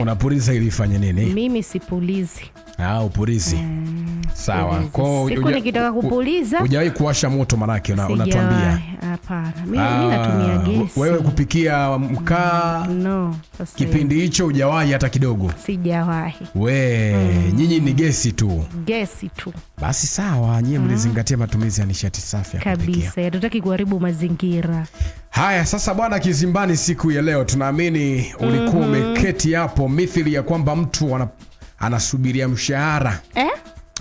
Unapuliza ili ifanye nini? Mimi sipulizi. Ah, upulizi. Mm, sawa. Kwa hiyo siku nikitaka kupuliza. Hujawahi kuwasha moto manake una, unatuambia. Hapana. Mimi natumia ah, gesi. Wewe kupikia mkaa? No. Sasa Kipindi hicho hujawahi hata kidogo. Sijawahi. We, mm. Nyinyi ni gesi tu. Gesi tu. Basi sawa, nyinyi mm. mlizingatia mm. matumizi ya nishati safi ya kupikia. Kabisa. Hatutaki kuharibu mazingira. Haya, sasa bwana, kizimbani siku ya leo tunaamini ulikuwa mhm. umeketi mm -hmm. hapo mithili ya kwamba mtu wana, anasubiria mshahara eh?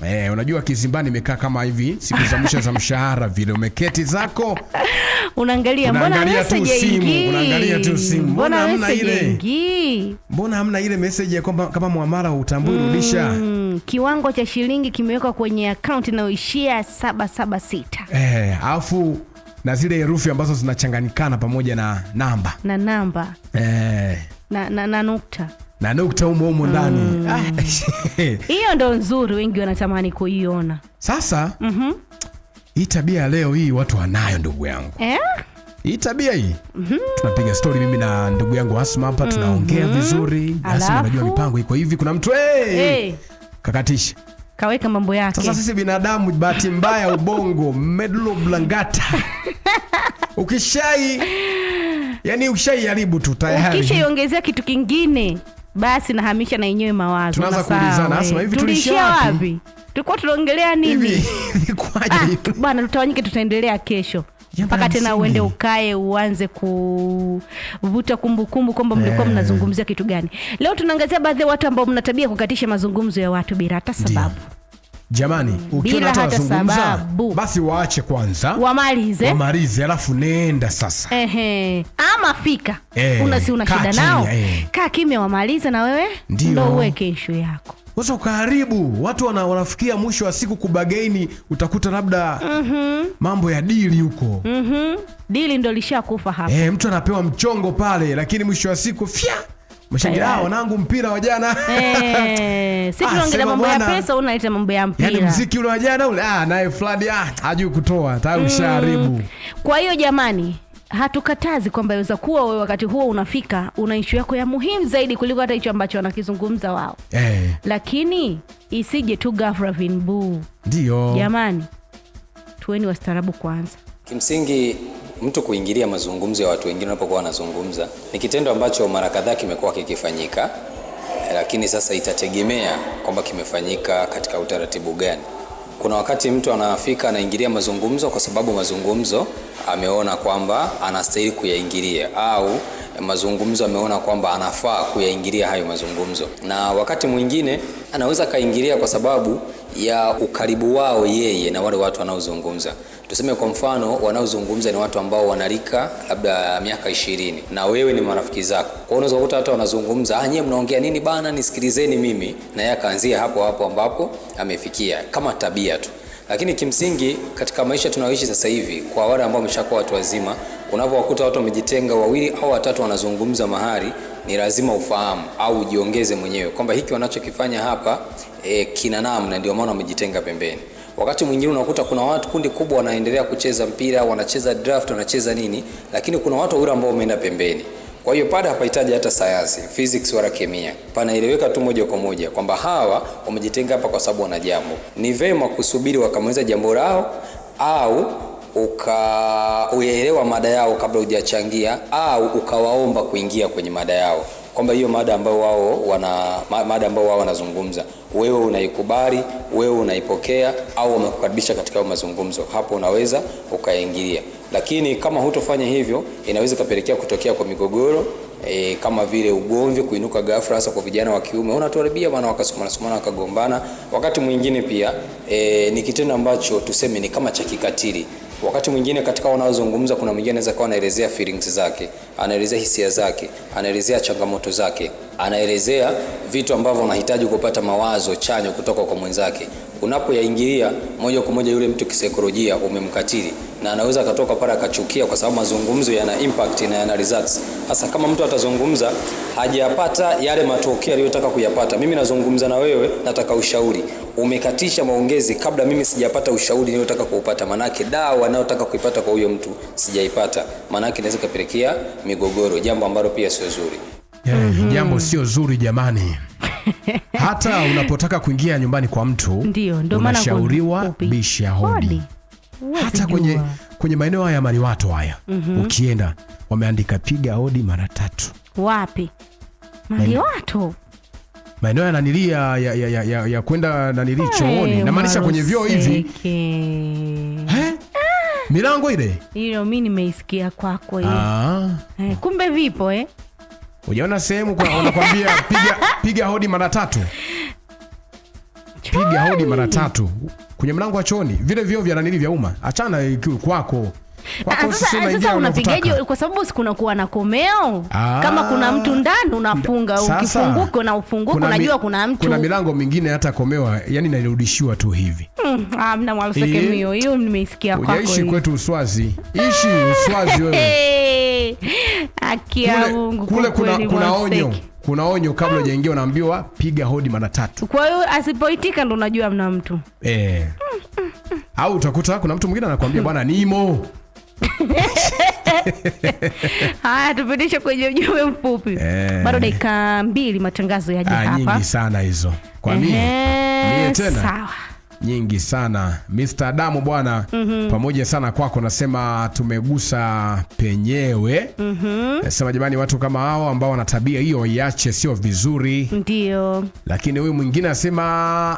Eh, unajua kizimbani imekaa kama hivi siku za mwisho za mshahara vile umeketi zako unaangalia, unaangalia tu simu, unaangalia tu simu, mbona hamna ile, mbona hamna ile message ya kwamba kama muamala utambui mm, rudisha. Kiwango cha shilingi kimewekwa kwenye account inayoishia 776 eh, alafu na zile herufi ambazo zinachanganyikana pamoja na namba na namba eh, na, na, na nukta na nukta umo umo ndani mm. ah, hiyo. Ndo nzuri, wengi wanatamani kuiona sasa. mm -hmm. Hii tabia leo hii watu wanayo ndugu yangu eh? Hii tabia hii mm -hmm. Tunapiga story mimi na ndugu yangu Asma hapa mhm. tunaongea mm -hmm. vizuri. Asma unajua mipango iko hivi, kuna mtu hey! hey. kakatisha kaweka mambo yake. Sasa sisi binadamu, bahati mbaya, ubongo medlo blangata ukishai yani ukishai haribu tu tayari, ukishaiongezea kitu kingine basi nahamisha na yenyewe mawazo. Tunaanza kuulizana eh. hivi tulishia wapi? Tulikuwa tunaongelea nini? Ah, bwana, tutawanyike, tutaendelea kesho mpaka tena uende ukae uanze kuvuta kumbukumbu kwamba mlikuwa yeah, mnazungumzia kitu gani. Leo tunaangazia baadhi ya watu ambao mnatabia kukatisha mazungumzo ya watu bila hata sababu. Jamani, ukiona atazungumza basi waache kwanza wamalize, wamalize alafu nenda sasa. Ehe, ama fika e, una si una shida nao e. Kaa kimya wamalize, na wewe ndio uweke ishu yako. Sasa ukaharibu watu wana, wanafikia mwisho wa siku kubageni utakuta labda mm -hmm. mambo ya dili huko mm -hmm. dili ndo lishakufa hapa e, mtu anapewa mchongo pale, lakini mwisho wa siku fya Mshangilia eh. ah, wanangu mpira wa jana. Eh, si tunaongelea ah, mambo ya pesa unaita mambo ya yaani mpira. Yaani muziki ule wa jana ule ah naye Fladi ah hajui kutoa, tayari ushaharibu. Mm. Kwa hiyo jamani hatukatazi kwamba iweza kuwa wewe wakati huo unafika una ishu yako ya muhimu zaidi kuliko hata hicho ambacho wanakizungumza wao. Eh. Lakini isije tu ghafla vinbu. Ndio. Jamani tuweni wastaarabu kwanza. Kimsingi mtu kuingilia mazungumzo ya watu wengine wanapokuwa wanazungumza ni kitendo ambacho mara kadhaa kimekuwa kikifanyika, lakini sasa itategemea kwamba kimefanyika katika utaratibu gani. Kuna wakati mtu anafika anaingilia mazungumzo kwa sababu mazungumzo ameona kwamba anastahili kuyaingilia au mazungumzo ameona kwamba anafaa kuyaingilia hayo mazungumzo, na wakati mwingine anaweza akaingilia kwa sababu ya ukaribu wao yeye na wale watu wanaozungumza. Tuseme kwa mfano, wanaozungumza ni watu ambao wanalika labda miaka ishirini na wewe ni marafiki zako, kwa hiyo unaweza kukuta hata wanazungumza, ah, nyewe mnaongea nini bana, nisikilizeni mimi, na yeye akaanzia hapo hapo ambapo amefikia kama tabia tu. Lakini kimsingi katika maisha tunayoishi sasa hivi, kwa wale ambao wameshakuwa watu wazima Unapowakuta watu wamejitenga, wawili au watatu wanazungumza mahali, ni lazima ufahamu au ujiongeze mwenyewe kwamba hiki wanachokifanya hapa e, kina namna, ndio maana wamejitenga pembeni. Wakati mwingine unakuta kuna watu kundi kubwa wanaendelea kucheza mpira, wanacheza draft, wanacheza nini, lakini kuna watu wawili ambao wameenda pembeni. Kwa hiyo pale hapahitaji hata sayansi, physics wala kemia, panaeleweka tu moja kwa moja kwamba hawa wamejitenga hapa kwa sababu wana jambo. Ni vema kusubiri wakamaliza jambo lao au uka mada yao kabla hujachangia au ukawaomba kuingia kwenye mada yao kwamba hiyo mada ambayo wao wana mada ambayo wao wanazungumza, wewe unaikubali, wewe unaipokea au wamekukaribisha katika mazungumzo, hapo unaweza ukaingilia. Lakini kama hutofanya hivyo, inaweza ikapelekea kutokea kwa migogoro e, kama vile ugomvi kuinuka ghafla, hasa kwa vijana wa kiume, unatuharibia maana wakasumana wakagombana. Wakati mwingine pia e, ni kitendo ambacho tuseme ni kama cha kikatili. Wakati mwingine katika wanaozungumza, kuna mwingine anaweza kuwa anaelezea feelings zake, anaelezea hisia zake, anaelezea changamoto zake, anaelezea vitu ambavyo unahitaji kupata mawazo chanya kutoka kwa mwenzake. Unapoyaingilia moja kwa moja, yule mtu kisaikolojia umemkatili, na anaweza akatoka pale akachukia, kwa sababu mazungumzo yana impact na yana results. Hasa kama mtu atazungumza hajayapata yale matokeo aliyotaka kuyapata. Mimi nazungumza na wewe, nataka ushauri. Umekatisha maongezi kabla mimi sijapata ushauri niliotaka kuupata, manake dawa anayotaka kuipata kwa huyo mtu sijaipata, manake inaweza kapelekea migogoro, jambo ambalo pia sio zuri. Yeah, mm -hmm. Jambo sio zuri jamani. Hata unapotaka kuingia nyumbani kwa mtu ndio ndio maana unashauriwa bisha hodi. Hata kwenye, kwenye maeneo haya maliwato haya mm -hmm. Ukienda wameandika piga hodi mara tatu. Wapi? mali watu maeneo ya nanilia ya, ya, ya, ya, ya kwenda nanili hey, chooni namaanisha kwenye vyoo hivi eh? milango ile hilo mi nimeisikia kwako ah. hey, eh, kumbe vipo eh? ujaona sehemu unakwambia piga, piga hodi mara tatu piga hodi mara tatu kwenye mlango wa chooni vile vyoo vya nanili vya umma achana kwako Ah, sasa unapigaje kwa sababu kuwa na komeo? Aa, ah. kama kuna mtu ndani unafunga, ukifunguka na ufunguka unajua kuna mtu. Kuna milango mingine hata komewa, yani nairudishiwa tu hivi. Mm, ah, amna eh? mio. Hiyo nimeisikia kwako. kwetu Uswazi. Ishi Uswazi wewe. Akia Mungu. Kule kuna kuna onyo. Kuna onyo kabla hmm. hujaingia unaambiwa piga hodi mara tatu. Kwa hiyo asipoitika ndo unajua mna mtu. e. Au utakuta kuna mtu mwingine anakuambia bwana nimo. Haya, tupitishwe kwenye ujumbe mfupi eh. Bado dakika mbili matangazo yaje ah, hapa. Nyingi sana hizo kwa mimi tena sawa nyingi sana Mr. Adamu bwana, mm -hmm. pamoja sana kwako, nasema tumegusa penyewe. mm -hmm. Nasema jamani, watu kama hao ambao wana tabia hiyo iache, sio vizuri. Ndio, lakini huyu mwingine anasema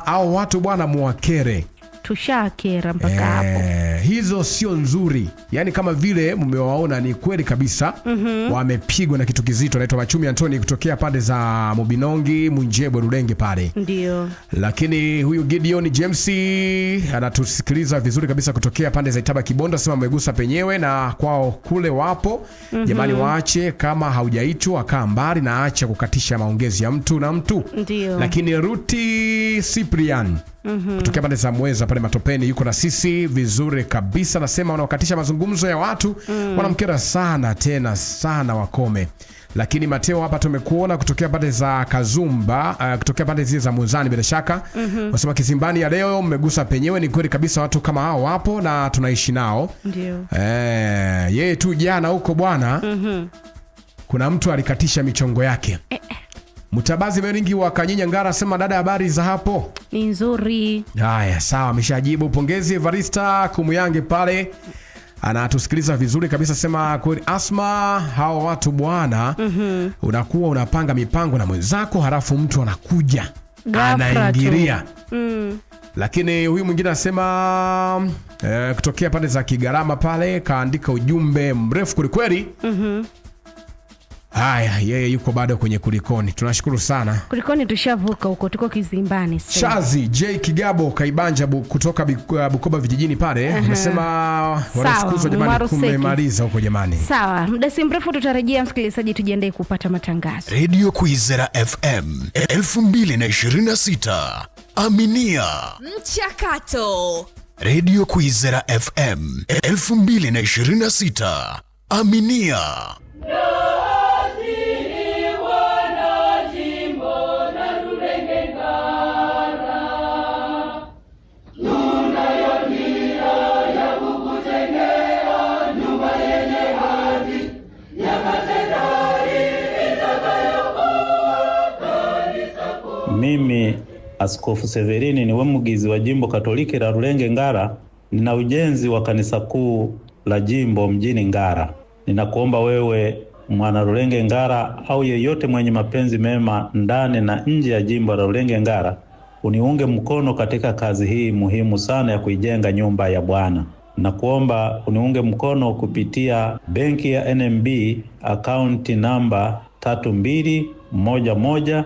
hao watu bwana, muwakere tushakera mpaka eh, hapo eh, hizo sio nzuri. Yani kama vile mmewaona, ni kweli kabisa mm -hmm. Wamepigwa na kitu kizito, naitwa Machumi Antoni kutokea pande za Mubinongi Munjebwe Rulenge pale, ndio. Lakini huyu Gideon James anatusikiliza vizuri kabisa kutokea pande za Itaba Kibondo, sema amegusa penyewe na kwao kule wapo mm -hmm. Jamani, waache kama haujaitwa kaa mbali na acha kukatisha maongezi ya mtu na mtu, ndio. Lakini Ruti Cyprian Mm -hmm. Kutokea pande za Mweza pale Matopeni yuko na sisi vizuri kabisa, nasema wanaokatisha mazungumzo ya watu mm. Wanamkera sana tena sana, wakome. Lakini Mateo hapa tumekuona kutokea pande za Kazumba, uh, kutokea pande zile za Muzani bila shaka mm -hmm. Wasema kizimbani ya leo mmegusa penyewe. Ni kweli kabisa, watu kama hao wapo na tunaishi nao ndio. Eh, yeye tu jana huko bwana mm -hmm. Kuna mtu alikatisha michongo yake eh, eh. Mtabazi Meringi wa Kanyinya Ngara sema dada, habari za hapo? Ni nzuri. Haya, sawa, ameshajibu. Pongezi Evarista Kumuyange pale anatusikiliza vizuri kabisa, sema kweli Asma, hao watu bwana. mm -hmm. Unakuwa unapanga mipango na mwenzako, halafu mtu anakuja anaingilia mm. Lakini huyu mwingine anasema e, eh, kutokea pande za Kigarama pale kaandika ujumbe mrefu kwelikweli. mm -hmm. Haya, yeye yuko bado kwenye kulikoni. Tunashukuru sana kulikoni, tushavuka huko, tuko kizimbani sasa. Chazi J Kigabo Kaibanja bu, kutoka uh, Bukoba vijijini pale unasema wanafukuzwa jamani, kumemaliza huko jamani. Sawa, muda si mrefu tutarejea, msikilizaji, tujiandae kupata matangazo. Radio Kwizera FM 2026 Aminia mchakato. Radio Kwizera FM 2026 Aminia. mimi Askofu Severini ni Wemugizi wa jimbo Katoliki la Rulenge Ngara, nina ujenzi wa kanisa kuu la jimbo mjini Ngara. Ninakuomba wewe mwana Rulenge Ngara au yeyote mwenye mapenzi mema ndani na nje ya jimbo la Rulenge Ngara uniunge mkono katika kazi hii muhimu sana ya kuijenga nyumba ya Bwana. Nakuomba uniunge mkono kupitia benki ya NMB akaunti namba tatu mbili moja moja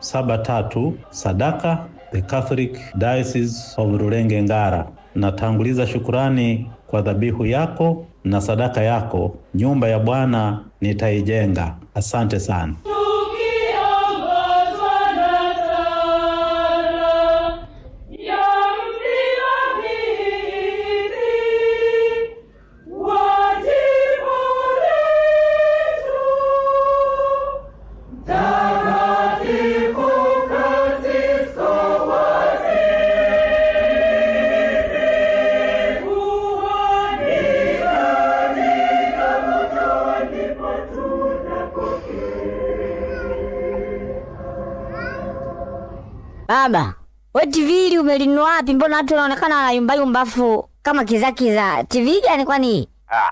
73 Sadaka The Catholic Diocese of Rulenge Ngara. Natanguliza shukurani kwa dhabihu yako na sadaka yako. Nyumba ya Bwana nitaijenga. Asante sana. Baba, we TV hili umelinua wapi? Mbona watu wanaonekana na yumba yumbafu kama kiza kiza. TV gani kwani? Ah,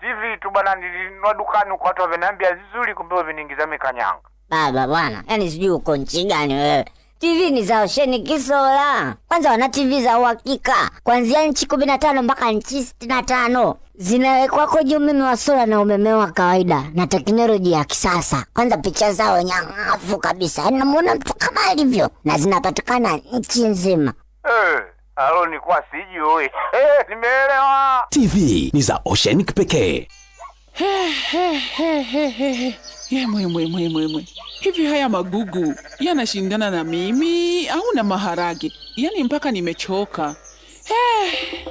TV tu bwana nilinua dukani kwa watu wameniambia nzuri kumbe wameniingiza mikanyanga. Baba bwana, yani sijui uko nchi gani wewe. TV ni za osheni kisola. kwanza, wana TV za uhakika kuanzia nchi kumi na tano mpaka nchi sitini na tano zinawekwa kwenye umeme wa sola na umeme wa kawaida na teknoloji ya kisasa. Kwanza picha zao nyangavu kabisa, yaani namuona mtu kama alivyo, na zinapatikana nchi nzima. Hey, eh, alo nikuwa sijui. Hey, eh, nimeelewa. TV ni za Oceanic pekee ye mwe mwe mwe mwe, hivi haya magugu yanashindana na mimi au na maharage? Yaani mpaka nimechoka. Hey. Eh.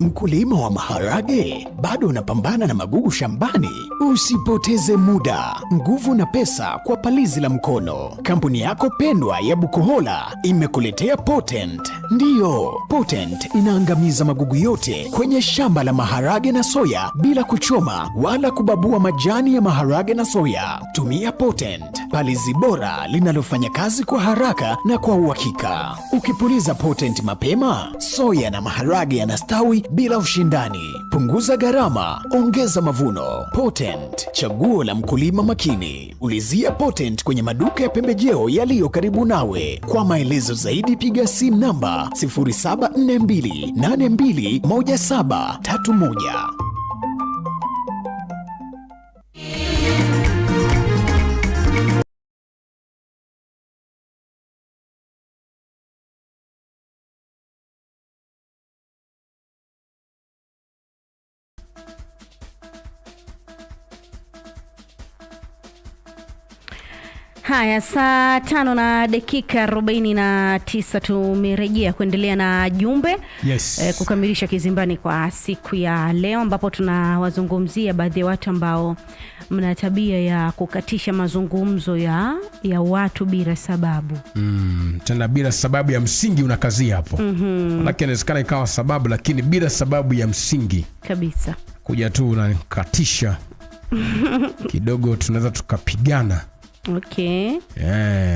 Mkulima wa maharage bado unapambana na magugu shambani? Usipoteze muda, nguvu na pesa kwa palizi la mkono. Kampuni yako pendwa ya Bukohola imekuletea Potent. Ndiyo, Potent inaangamiza magugu yote kwenye shamba la maharage na soya bila kuchoma wala kubabua majani ya maharage na soya. Tumia Potent palizi bora linalofanya kazi kwa haraka na kwa uhakika. Ukipuliza Potent mapema, soya na maharage yanastawi bila ushindani. Punguza gharama, ongeza mavuno. Potent, chaguo la mkulima makini. Ulizia Potent kwenye maduka ya pembejeo yaliyo karibu nawe. Kwa maelezo zaidi, piga simu namba 0742821731. Haya, saa tano na dakika 49 tumerejea kuendelea na jumbe yes. Eh, kukamilisha kizimbani kwa siku ya leo ambapo tunawazungumzia baadhi ya watu ambao mna tabia ya kukatisha mazungumzo ya, ya watu bila sababu mm, tena bila sababu ya msingi unakazia hapo mm -hmm. inawezekana ikawa sababu lakini bila sababu ya msingi kabisa, kuja tu unakatisha kidogo tunaweza tukapigana Okay.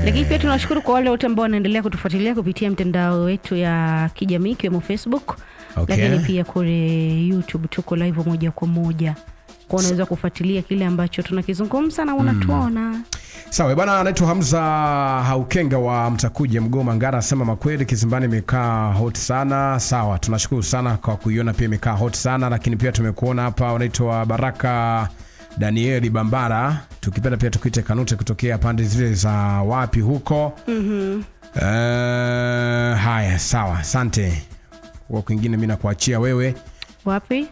Lakini pia tunawashukuru kwa wale wote ambao wanaendelea kutufuatilia kupitia mtandao wetu ya kijamii ikiwemo Facebook. Okay. Lakini pia kule YouTube tuko live moja kwa moja kwa unaweza kufuatilia kile ambacho tunakizungumza na unatuona. Mm. Sawa bwana, anaitwa Hamza Haukenga wa Mtakuje, Mgoma, Ngara, asema makweli Kizimbani imekaa hot sana. Sawa, tunashukuru sana kwa kuiona pia imekaa hot sana, lakini pia tumekuona hapa, unaitwa Baraka Danieli Bambara, tukipenda pia tukuite Kanute, kutokea pande zile za wapi huko. mm-hmm. Uh, haya sawa, asante. huo kwingine mimi nakuachia wewe. Wapi?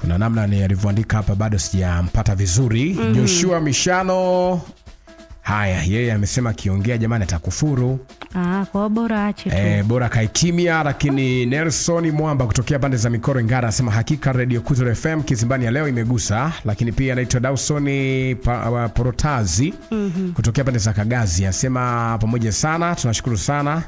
Kuna namna ni alivyoandika hapa, bado sijampata vizuri. mm-hmm. Joshua Mishano Haya, yeye amesema akiongea jamani atakufuru. Ah, kwa bora ache tu. Eh, bora kai kimya lakini Nelson Mwamba kutokea pande za Mikoro Ngara anasema hakika Radio Kwizera FM Kizimbani ya leo imegusa, lakini pia anaitwa Dawson Porotazi mm -hmm. kutokea pande za Kagazi anasema pamoja sana, tunashukuru sana.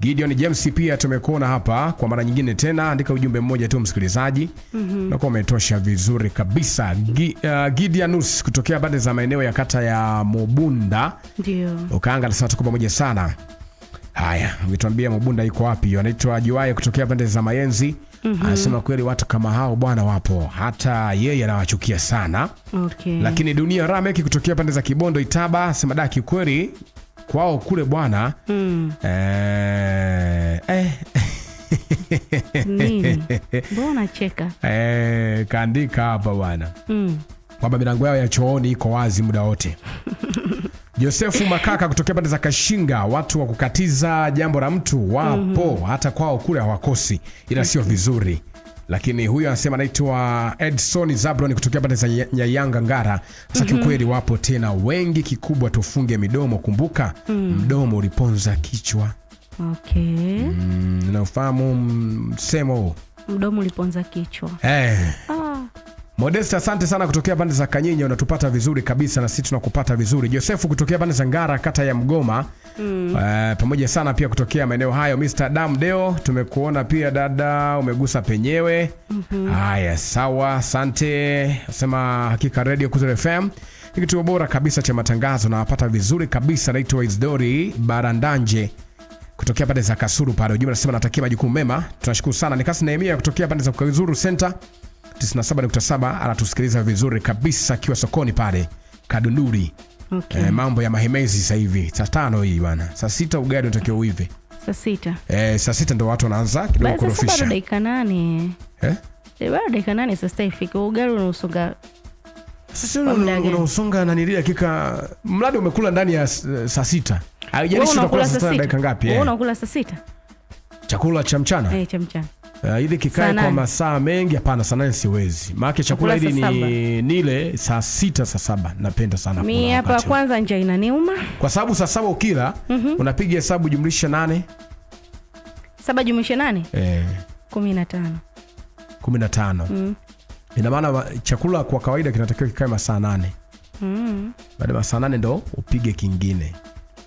Gideon James pia tumekuona hapa kwa mara nyingine tena, andika ujumbe mmoja tu msikilizaji. mm -hmm. Nakuwa umetosha vizuri kabisa. G uh, Gideonus kutokea pande za maeneo ya kata ya Mobunda. Ndio. Ukaanga anasema tuko pamoja sana. Haya, umetuambia Mabunda iko wapi? Anaitwa Jiwaye kutokea pande za Mayenzi. Mm -hmm. Anasema kweli watu kama hao bwana wapo, hata yeye anawachukia sana. Okay. Lakini Dunia Rameki kutokea pande za Kibondo Itaba, sema daki kweli kwao kule bwana mm. eh, eh. Nini? cheka? Eh, kaandika hapa bwana mm. kwamba milango yao ya chooni iko wazi muda wote Josefu Makaka kutokea pande za Kashinga, watu wa kukatiza jambo la mtu wapo mm -hmm. hata kwao kule hawakosi, ila sio vizuri. Lakini huyo anasema anaitwa Edson Zabron kutokea pande za Nyayanga Ngara. Sasa mhm. kiukweli, mm -hmm. wapo tena wengi, kikubwa tufunge midomo. Kumbuka mm -hmm. mdomo uliponza kichwa. Okay. Mm, naufahamu msemo huu mdomo uliponza kichwa eh. oh. Modesta, asante sana kutokea pande za Kanyinyi, unatupata vizuri kabisa na sisi tunakupata vizuri. Josefu kutokea pande za Ngara, kata ya Mgoma mm. Uh, pamoja sana pia kutokea maeneo hayo. Mr. Adam Deo, tumekuona pia dada, umegusa penyewe mm -hmm. Haya, sawa, asante. Nasema hakika Radio Kwizera FM ni kituo bora kabisa cha matangazo, nawapata vizuri kabisa. Naitwa Isidori Barandanje kutokea pande za Kasuru pale. Ujumbe nasema natakia majukumu mema, tunashukuru sana. Nikasi Nehemia kutokea pande za Kasuru Center 97.7 anatusikiliza vizuri kabisa akiwa sokoni pale Kadunduri. Okay. E, mambo ya mahemezi sasa hivi saa tano hii bwana, saa sita ugali unatakiwa uive saa sita. E, saa sita ndo watu wanaanza kidogo kurofisha dakika nane eh? eh? Bado dakika nane sasa ifika ugali unausonga sasa unausonga na nili dakika mradi umekula ndani ya saa sita. Haijalishi unakula saa sita dakika ngapi? Wewe unakula saa sita chakula cha mchana eh, cha mchana Uh, ili kikae kwa masaa mengi hapana, saa nane siwezi, maana chakula hili ni nile saa sita saa saba napenda sana kula. Mimi hapa kwanza njaa inaniuma, kwa sababu saa saba ukila mm -hmm. unapiga hesabu jumlisha nane saba jumlisha nane eh, kumi na tano kumi na tano mm. Ina maana chakula kwa kawaida kinatakiwa kikae masaa nane mm. Baada ya masaa nane ndo upige kingine.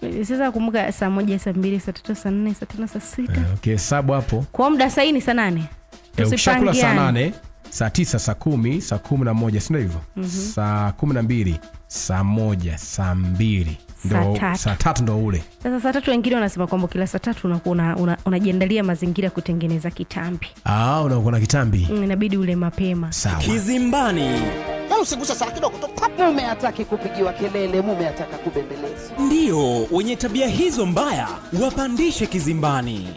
Sasa kumbuka saa moja, saa mbili, saa tatu, saa nne, saa tano, saa sita. Eh, okay, sabu hapo. Kwa muda saa ni saa nane. Eh, ukishakula saa nane, saa tisa, saa kumi, saa kumi na moja, si ndio hivyo? Mhm. Saa kumi na mbili, saa moja, saa mbili saa tatu ndo ule sasa. Saa tatu wengine wanasema kwamba kila saa tatu unakuwa unajiandalia mazingira kutengeneza kitambi. Ah, unakuwa na kitambi, mm, inabidi ule mapema. Sawa. Kizimbani. Yaani sana kidogo tu. Mume hataki kupigiwa kelele, mume ataka kubembeleza. Ndiyo, wenye tabia hizo mbaya wapandishe kizimbani.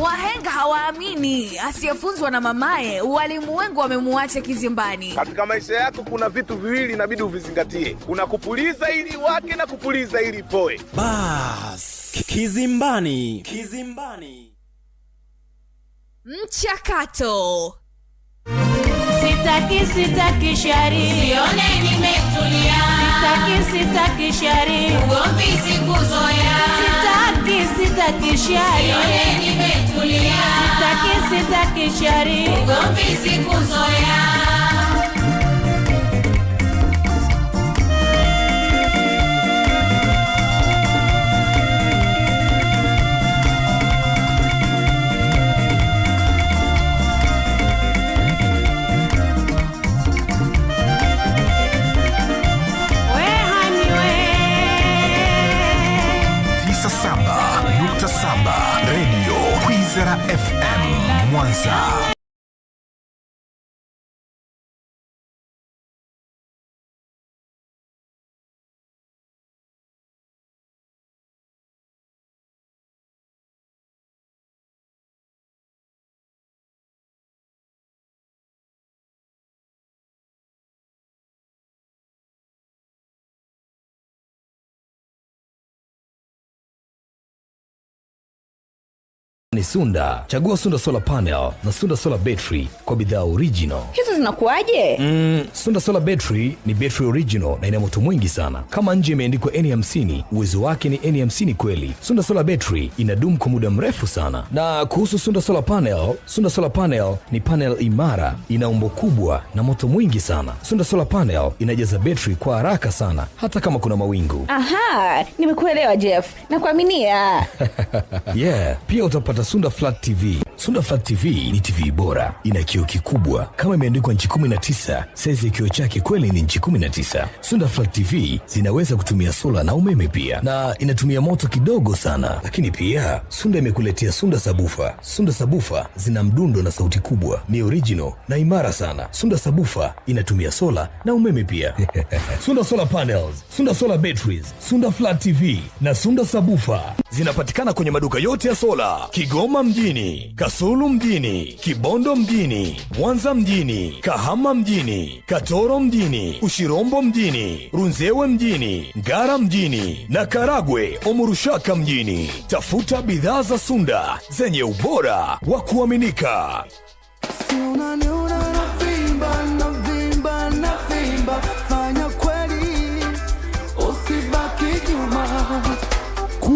Wahenga hawaamini, asiyefunzwa na mamaye, walimu wengi wamemuacha kizimbani. Katika maisha yako kuna vitu viwili inabidi uvizingatie, kuna kupuliza ili wake na kupuliza ili poe. Bas, kizimbani, kizimbani. Mchakato Sitaki, sitaki shari, sione nimetulia. Sitaki, sitaki shari, ugomvi sikuzoea. Sitaki, sitaki shari, sione nimetulia. Sitaki, sitaki shari, ugomvi sikuzoea. Sera FM Mwanza. ni Sunda. Chagua Sunda solar panel na Sunda solar battery kwa bidhaa original. Hizo zinakuwaje? Mm, Sunda solar battery ni battery original na ina moto mwingi sana. Kama nje imeandikwa N50, e uwezo wake ni N50 e kweli. Sunda solar battery inadumu kwa muda mrefu sana. Na kuhusu Sunda solar panel, Sunda solar panel ni panel imara, ina umbo kubwa na moto mwingi sana. Sunda solar panel inajaza battery kwa haraka sana hata kama kuna mawingu. Aha, nimekuelewa Jeff. Nakuaminia. yeah, pia utapata Sunda Flat TV. Sunda Flat TV ni TV bora, ina kioo kikubwa kama imeandikwa nchi 19. Saizi ya kioo chake kweli ni nchi 19. Sunda Flat TV zinaweza kutumia sola na umeme pia, na inatumia moto kidogo sana, lakini pia Sunda imekuletea Sunda sabufa. Sunda sabufa zina mdundo na sauti kubwa, ni original na imara sana. Sunda sabufa inatumia sola na umeme pia. Sunda solar panels, Sunda solar batteries, Sunda Flat TV na Sunda sabufa zinapatikana kwenye maduka yote ya sola Kigoma mjini, Kasulu mjini, Kibondo mjini, Mwanza mjini, Kahama mjini, Katoro mjini, Ushirombo mjini, Runzewe mjini, Ngara mjini na Karagwe Omurushaka mjini. Tafuta bidhaa za Sunda zenye ubora wa kuaminika.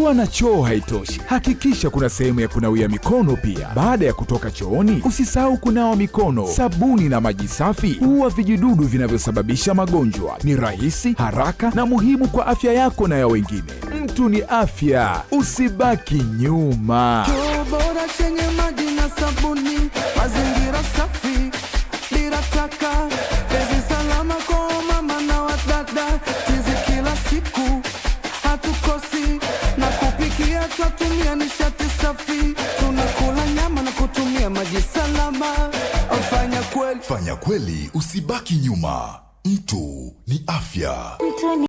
Kuwa na choo haitoshi, hakikisha kuna sehemu ya kunawia mikono pia. Baada ya kutoka chooni, usisahau kunawa mikono. Sabuni na maji safi huua vijidudu vinavyosababisha magonjwa. Ni rahisi, haraka na muhimu kwa afya yako na ya wengine. Mtu ni afya, usibaki nyuma. Choo bora chenye maji na sabuni, mazingira safi bila taka tunatumia nishati safi, tunakula nyama na kutumia maji salama. Fanya kweli, fanya kweli, usibaki nyuma. Mtu ni afya.